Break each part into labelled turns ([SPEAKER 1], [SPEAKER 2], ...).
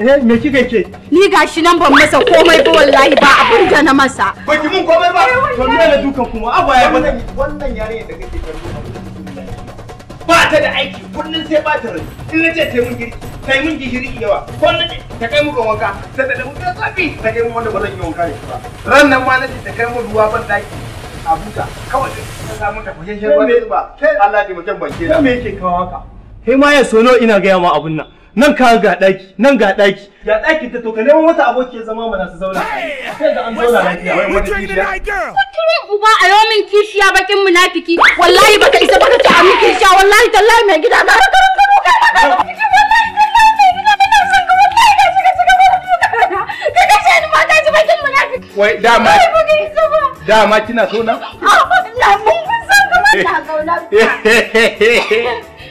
[SPEAKER 1] Eh me kika ke? Ni gashi nan ban masa komai ba wallahi ba abin da na masa. Ba ki mun komai ba. Eh, to me na dukan kuma? Aba ya bata wannan yarinya da kake karbo. Ba ta da aiki kullun sai ba ta rai. In nace ta mun girki, ta mun gishiri yawa. Kullun ta kai mu ga wanka, ta da mu ta tsafi, ta kai mu wanda ba zan yi wanka da ba. Ran nan ma nace ta kai mu ruwa ban daki. Abuja kawai ta samu ta fashe shi ba. Allah ya mutum banke na. Me yake kawo haka? Kai ma ya sono ina ga ma abun nan. nan ka ga daki nan ga daki ya daki ta to ka neman wata aboki ya zama mana su zauna sai ga an zauna lafiya wai wata kishiya kuturin uba a yomin kishiya bakin munafiki wallahi baka isa baka ta amin kishiya wallahi tallahi mai gida ba Wai dama dama kina so na? Ah, na mun san ka mata kauna.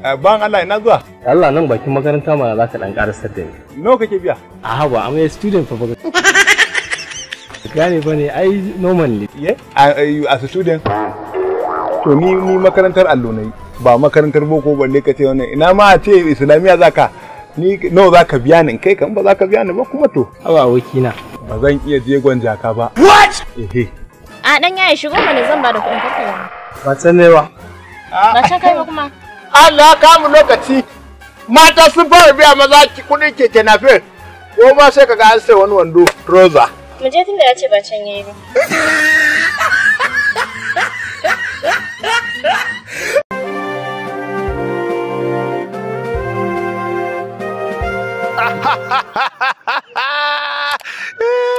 [SPEAKER 1] Eh, Ban Allah ina zuwa. Allah nan bakin makaranta ma za ka dan karasar da ni. Nawa kake biya? A haba, am a student fa baka. Gane ba ne ai normally. Ye? A student. To ni ni makarantar allo ba makarantar boko ba, ka ce wannan ina ma a ce islamiya zaka ni nawa zaka biya ni kai kan ba zaka biya ni ba kuma to. Awa wakina. Ba zan iya je jaka ba. What? Ehe. A dan yaya shigo mana zan ba da kuɗin kafa. Ba sanewa. Ba ta ah. kai ba kuma. Allah ya kamu lokaci mata sun fara biya maza kuɗin keke nafe ko ma sai kaga an sai wani wando roza. Mu je tunda ya ce ba can yayi ba. Ha ha ha ha ha!